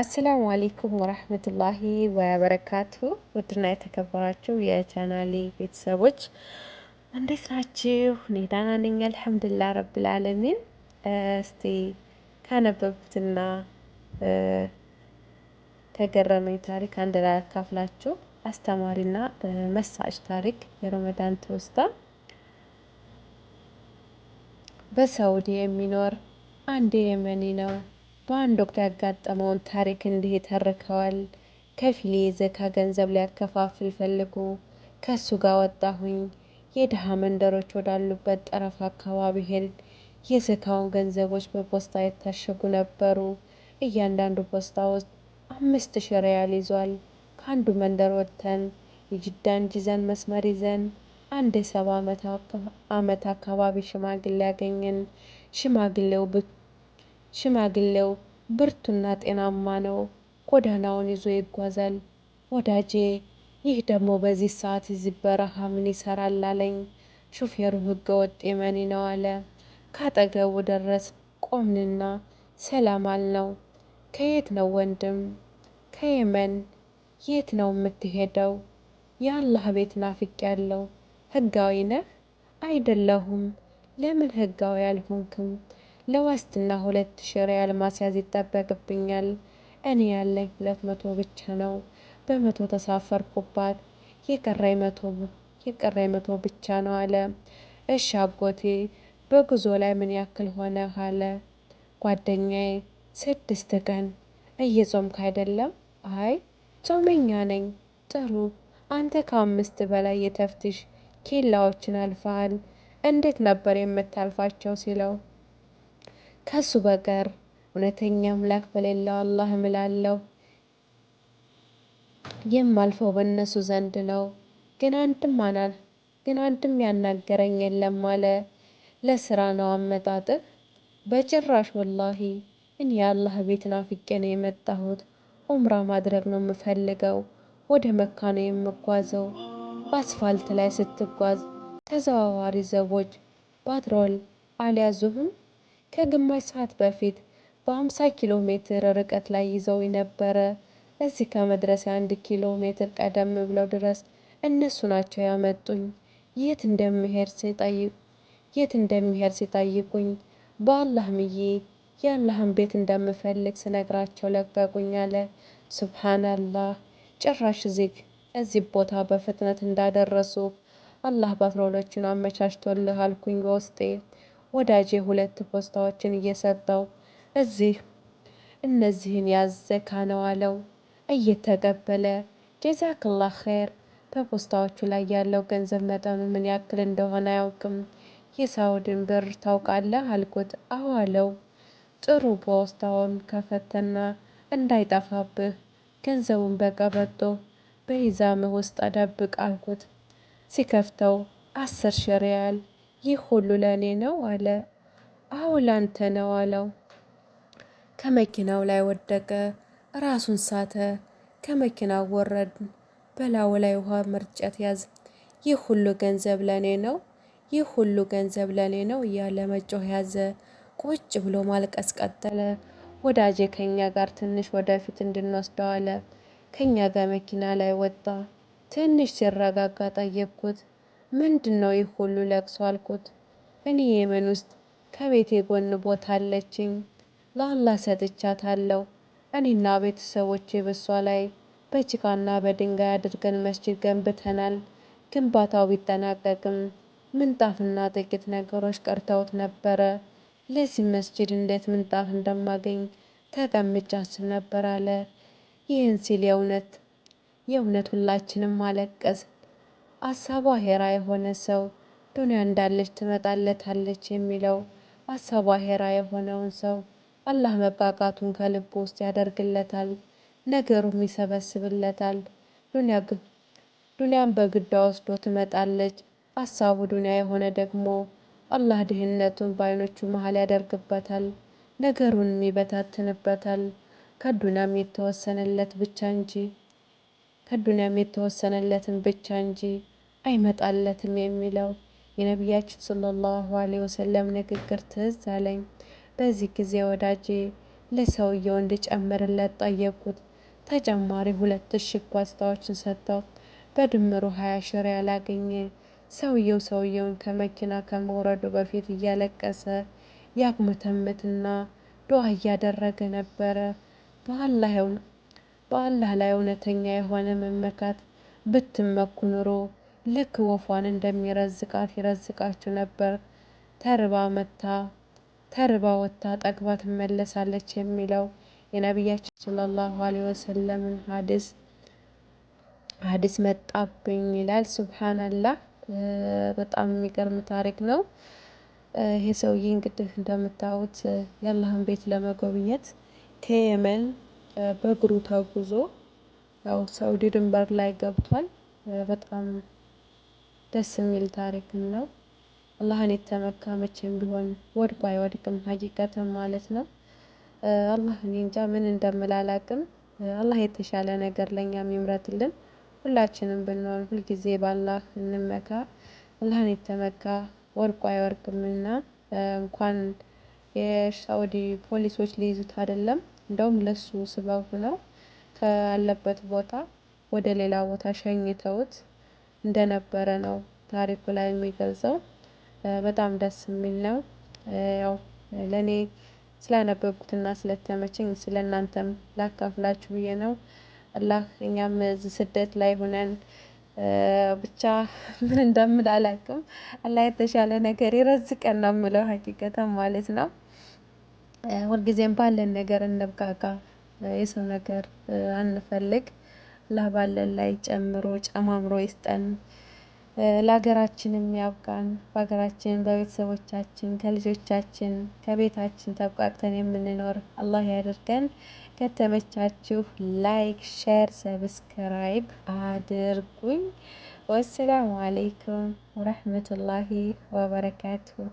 አሰላሙ አሌይኩም ወረህመቱላሂ ወበረካቱ። ውድና የተከበራችሁ የቻናሌ ቤተሰቦች እንዴት ናችሁ? እኔ ደህና ነኝ አልሐምዱሊላህ ረብል ዓለሚን። እስቲ ካነበብኩትና ከገረመኝ ታሪክ አንድ ላይ አካፍላችሁ አስተማሪና መሳጭ ታሪክ የረመዳን ትውስታ። በሳውዲ የሚኖር አንድ የመኒ ነው በአንድ ወቅት ያጋጠመውን ታሪክ እንዲህ ይተርከዋል። ከፊሌ የዘካ ገንዘብ ሊያከፋፍል ፈልጎ ከእሱ ጋር ወጣሁኝ። የድሃ መንደሮች ወዳሉበት ጠረፍ አካባቢ ሄድ የዘካውን ገንዘቦች በፖስታ የታሸጉ ነበሩ። እያንዳንዱ ፖስታ ውስጥ አምስት ሺ ሪያል ይዟል። ከአንዱ መንደር ወጥተን የጅዳን ጂዛን መስመር ይዘን አንድ የሰባ ዓመት አካባቢ ሽማግሌ ያገኘን ሽማግሌው ሽማግሌው ብርቱና ጤናማ ነው። ጎዳናውን ይዞ ይጓዛል። ወዳጄ ይህ ደግሞ በዚህ ሰዓት እዚህ በረሃ ምን ይሰራል አለኝ። ሹፌሩ ህገወጥ የመኒ ነው አለ። ካጠገቡ ደረስ ቆምንና ሰላም አልነው። ከየት ነው ወንድም? ከየመን። የት ነው የምትሄደው? የአላህ ቤት ናፍቅ ያለው ህጋዊ ነህ? አይደለሁም። ለምን ህጋዊ አልሆንክም? ለዋስትና ሁለት ሺህ ሪያል ማስያዝ ይጠበቅብኛል። እኔ ያለኝ ሁለት መቶ ብቻ ነው። በመቶ ተሳፈርኩባት የቀረኝ መቶ የቀረኝ መቶ ብቻ ነው አለ። እሺ አጎቴ በጉዞ ላይ ምን ያክል ሆነ አለ? ጓደኛዬ ስድስት ቀን እየጾምክ አይደለም? አይ ጾመኛ ነኝ። ጥሩ አንተ ከአምስት በላይ የተፍትሽ ኬላዎችን አልፈሃል። እንዴት ነበር የምታልፋቸው ሲለው ከሱ በቀር እውነተኛ አምላክ በሌለው አላህ እምላለሁ የማልፈው በእነሱ ዘንድ ነው። ግን አንድም አናል ግን አንድም ያናገረኝ የለም አለ። ለስራ ነው አመጣጥህ? በጭራሽ ወላሂ እኔ የአላህ ቤት ናፍቄ ነው የመጣሁት። ኡምራ ማድረግ ነው የምፈልገው። ወደ መካ ነው የምጓዘው። በአስፋልት ላይ ስትጓዝ ተዘዋዋሪ ዘቦች ፓትሮል አልያዙህም? ከግማሽ ሰዓት በፊት በ50 ኪሎ ሜትር ርቀት ላይ ይዘው ነበረ። እዚህ ከመድረስ አንድ ኪሎ ሜትር ቀደም ብለው ድረስ እነሱ ናቸው ያመጡኝ። የት እንደሚሄድ ሲጠይቅ የት እንደምሄድ ሲጠይቁኝ በአላህ ምዬ የአላህን ቤት እንደምፈልግ ስነግራቸው ለቀቁኝ አለ። ሱብሓናላህ ጭራሽ ዚግ እዚህ ቦታ በፍጥነት እንዳደረሱ አላህ ፓትሮሎችን አመቻችቶልህ አልኩኝ በውስጤ። ወዳጄ ሁለት ፖስታዎችን እየሰጠው እዚህ እነዚህን ያዘካ ነው አለው። እየተቀበለ ጀዛክላህ ኸይር። በፖስታዎቹ ላይ ያለው ገንዘብ መጠኑ ምን ያክል እንደሆነ አያውቅም። የሳውድን ብር ታውቃለህ አልኩት። አዎ አለው። ጥሩ ፖስታውን ከፈተና እንዳይጠፋብህ ገንዘቡን በቀበቶ በሂዛምህ ውስጥ አዳብቅ አልኩት። ሲከፍተው አስር ሽሪያል ይህ ሁሉ ለእኔ ነው አለ። አዎ ላንተ ነው አለው። ከመኪናው ላይ ወደቀ፣ ራሱን ሳተ። ከመኪናው ወረድ፣ በላዩ ላይ ውሃ መርጨት ያዝ። ይህ ሁሉ ገንዘብ ለእኔ ነው፣ ይህ ሁሉ ገንዘብ ለእኔ ነው እያለ መጮህ ያዘ። ቁጭ ብሎ ማልቀስ ቀጠለ። ወዳጄ ከኛ ጋር ትንሽ ወደፊት እንድንወስደው አለ። ከኛ ጋር መኪና ላይ ወጣ። ትንሽ ሲረጋጋ ጠየቅኩት። ምንድነው ይህ ሁሉ ለቅሶ አልኩት። እኔ የመን ውስጥ ከቤቴ ጎን ቦታ አለችኝ ለአላህ ሰጥቻታለሁ። እኔና ቤተሰቦቼ በሷ ላይ በጭቃና በድንጋይ አድርገን መስጂድ ገንብተናል። ግንባታው ቢጠናቀቅም ምንጣፍና ጥቂት ነገሮች ቀርተውት ነበረ። ለዚህ መስጂድ እንዴት ምንጣፍ እንደማገኝ ተቀምጫስ ነበር አለ። ይህን ሲል የእውነት የእውነት ሁላችንም አለቀስ። አሳቧ ሄራ የሆነ ሰው ዱንያ እንዳለች ትመጣለታለች የሚለው አሳቧ ሄራ የሆነውን ሰው አላህ መባቃቱን ከልብ ውስጥ ያደርግለታል፣ ነገሩም ይሰበስብለታል። ዱንያን በግዳ ወስዶ ትመጣለች። አሳቡ ዱንያ የሆነ ደግሞ አላህ ድህነቱን በአይኖቹ መሀል ያደርግበታል፣ ነገሩንም ይበታትንበታል። ከዱንያም የተወሰነለት ብቻ እንጂ ከዱንያም የተወሰነለትን ብቻ እንጂ አይመጣለትም የሚለው የነቢያችን ሰለላሁ ዐለይሂ ወሰለም ንግግር ትዝ አለኝ። በዚህ ጊዜ ወዳጄ ለሰውየው እንዲጨምርለት ጠየቁት። ተጨማሪ ሁለት እሽግ ፓስታዎችን ሰጥተው በድምሩ ሀያ ሽሬ ያላገኘ ሰውየው ሰውየውን ከመኪና ከመውረዱ በፊት እያለቀሰ ያጉመተምትና ዱዓ እያደረገ ነበረ። በአላህ በአላህ ላይ እውነተኛ የሆነ መመካት ብትመኩ ኑሮ ልክ ወፏን እንደሚረዝቃት ይረዝቃችሁ ነበር። ተርባ መታ ተርባ ወታ ጠግባ ትመለሳለች የሚለው የነቢያችን ሰለላሁ ዐለይሂ ወሰለምን ሀዲስ ሀዲስ መጣብኝ ይላል። ሱብሃንአላህ በጣም የሚገርም ታሪክ ነው። ይሄ ሰውዬ እንግዲህ እንደምታዩት የአላህን ቤት ለመጎብኘት ከየመን በእግሩ ተጉዞ ያው ሳውዲ ድንበር ላይ ገብቷል። በጣም ደስ የሚል ታሪክ ነው። አላህን የተመካ መቼም ቢሆን ወድቆ አይወድቅም ሀቂቀትም ማለት ነው። አላህ እኔ እንጃ ምን እንደምላላቅም። አላህ የተሻለ ነገር ለእኛ የሚምረትልን ሁላችንም ብንሆን ሁልጊዜ ባላህ እንመካ። አላህን የተመካ ወድቆ አይወድቅምና እንኳን የሳውዲ ፖሊሶች ሊይዙት አይደለም እንደውም ለሱ ስበብ ብለው ካለበት ቦታ ወደ ሌላ ቦታ ሸኝተውት እንደነበረ ነው ታሪኩ ላይ የሚገልጸው። በጣም ደስ የሚል ነው። ያው ለኔ ስላነበብኩትና ስለተመቸኝ እናንተም ላካፍላችሁ ብዬ ነው። አላህ እኛም እዚህ ስደት ላይ ሆነን ብቻ ምን እንደምል አላውቅም አላህ የተሻለ ነገር ይረዝቀን ነው የምለው ሀቂቀተን ማለት ነው። ሁልጊዜም ባለን ነገር እንብቃቃ የሰው ነገር አንፈልግ አላህ ባለን ላይ ጨምሮ ጨማምሮ ይስጠን። ለሀገራችንም ያብቃን በሀገራችን በቤተሰቦቻችን ከልጆቻችን ከቤታችን ተብቃቅተን የምንኖር አላህ ያድርገን። ከተመቻችሁ ላይክ ሼር ሰብስክራይብ አድርጉኝ። ወሰላሙ አለይኩም ወረህመቱላሂ ወበረካቱሁ